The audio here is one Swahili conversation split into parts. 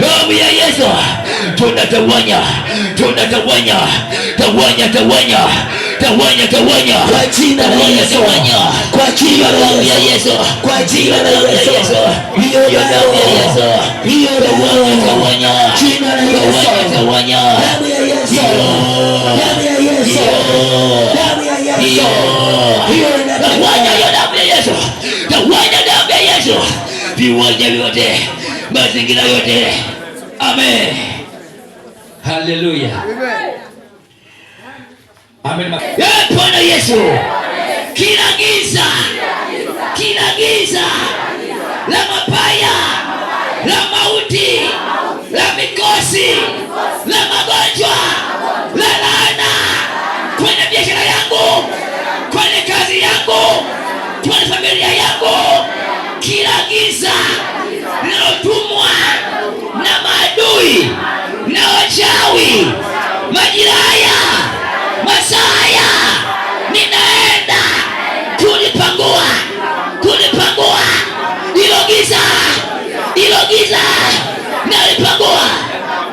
Damu ya Yesu tunatawanya, tunatawanya, tawanya, tawanya, tawanya, tawanya kwa jina la Yesu, kwa jina la Yesu, kwa jina la Yesu, hiyo damu ya Yesu, hiyo damu ya Yesu, tawanya, jina la Yesu, tawanya, damu ya Yesu, damu ya Yesu, damu ya Yesu, hiyo tawanya, hiyo damu ya Yesu, tawanya, damu ya Yesu, viwanja vyote mazingira yote. Amen, haleluya, amen. Bwana Yesu, kila giza, kila giza la mabaya, la mauti, la mikosi, la magonjwa, la laana kwenye biashara yangu, kwenye kazi yangu, kwenye familia yangu, kila giza maadui na wachawi, majiraya, masaya, ninaenda kulipangua, kulipangua hilo giza, hilo giza nalipangua,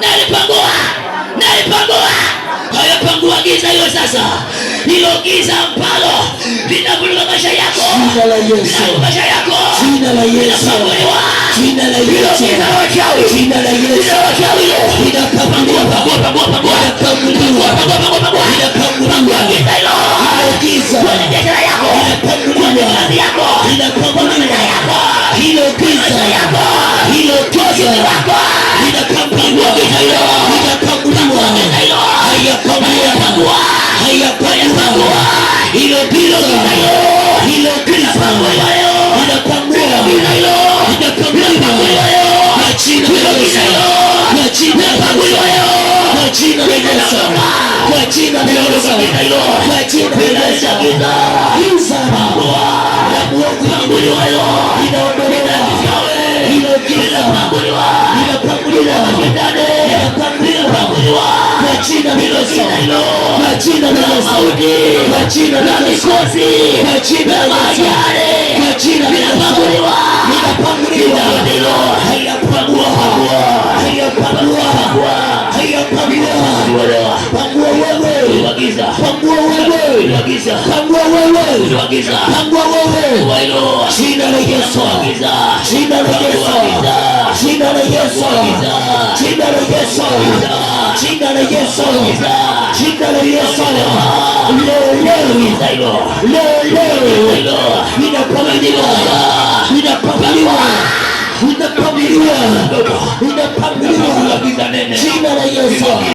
nalipangua, nalipangua, hayopangua giza hiyo sasa hilo giza ambalo linavuruga maisha yako, maisha yako la inapanguliwa jina la Yesu, jina la wachawi, jina la Yesu, jina la wachawi, linakamliwa, linakamliwa, linakamliwa, giza linakamliwa, linakamliwa, hilo giza, hilo giza linakamliwa, linakamliwa Yesu, kwa jina la Yesu, kwa jina la Yesu, giza la mwovu inaondolewa, hilo giza linapanguliwa, linapanguliwa kwa jina la Yesu, kwa jina la Yesu, kwa jina la mikosi, kwa jina la Yesu, kwa jina linapanguliwa, linapanguliwa giza, tangua wewe, jua giza, tangua wewe, wailo jina la Yesu, giza, jina la Yesu, giza, jina la Yesu, giza, jina la Yesu, giza, jina la Yesu, giza, jina la Yesu, leo leo, giza hilo, leo leo, hilo inapambaniwa, inapambaniwa Unapamiliwa, unapamiliwa, jina la Yesu.